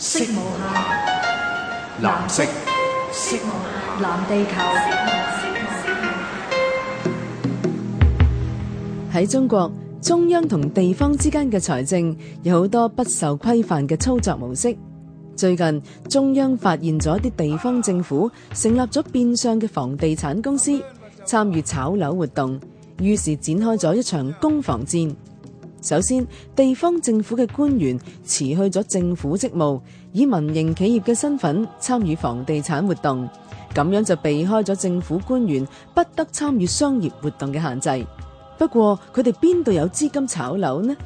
色無限，藍色，色無限，藍地球。喺中國，中央同地方之間嘅財政有好多不受規範嘅操作模式。最近，中央發現咗一啲地方政府成立咗變相嘅房地產公司，參與炒樓活動，於是展開咗一場攻防戰。首先，地方政府嘅官員辭去咗政府職務，以民營企業嘅身份參與房地產活動，咁樣就避開咗政府官員不得參與商業活動嘅限制。不過，佢哋邊度有資金炒樓呢？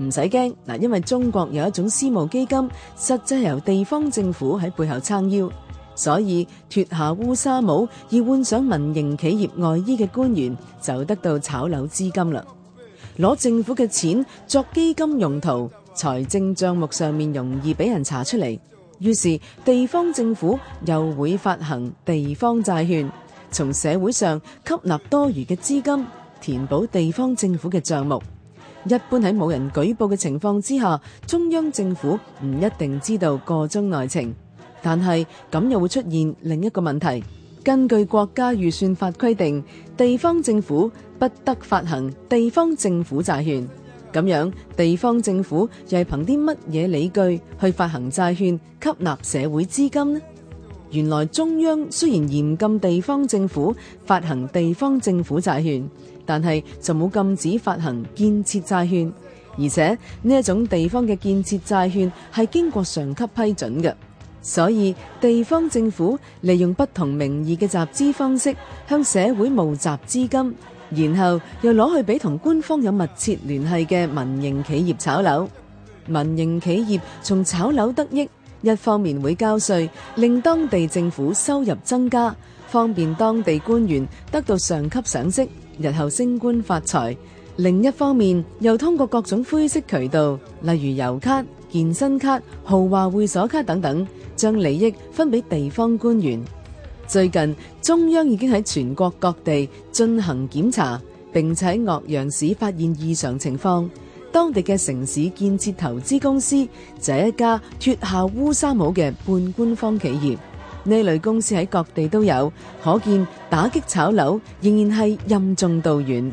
唔使驚，嗱，因為中國有一種私募基金，實際由地方政府喺背後撐腰，所以脫下烏紗帽而換上民營企業外衣嘅官員，就得到炒樓資金啦。攞政府嘅錢作基金用途，財政帳目上面容易俾人查出嚟。於是地方政府又會發行地方債券，從社會上吸納多餘嘅資金，填補地方政府嘅帳目。一般喺冇人舉報嘅情況之下，中央政府唔一定知道個中內情。但係咁又會出現另一個問題。根據國家預算法規定，地方政府不得發行地方政府債券。咁樣，地方政府又係憑啲乜嘢理據去發行債券，吸納社會資金呢？原來中央雖然嚴禁地方政府發行地方政府債券，但係就冇禁止發行建設債券，而且呢一種地方嘅建設債券係經過上級批准嘅。所以地方政府利用不同名義嘅集資方式，向社會募集資金，然後又攞去俾同官方有密切聯繫嘅民營企業炒樓。民營企業從炒樓得益，一方面會交稅，令當地政府收入增加，方便當地官員得到上級賞識，日後升官發財。另一方面，又通過各種灰色渠道，例如油卡、健身卡、豪華會所卡等等，將利益分俾地方官員。最近，中央已經喺全國各地進行檢查，並且喺岳陽市發現異常情況。當地嘅城市建設投資公司，就是、一家脫下烏紗帽嘅半官方企業。呢類公司喺各地都有，可見打擊炒樓仍然係任重道遠。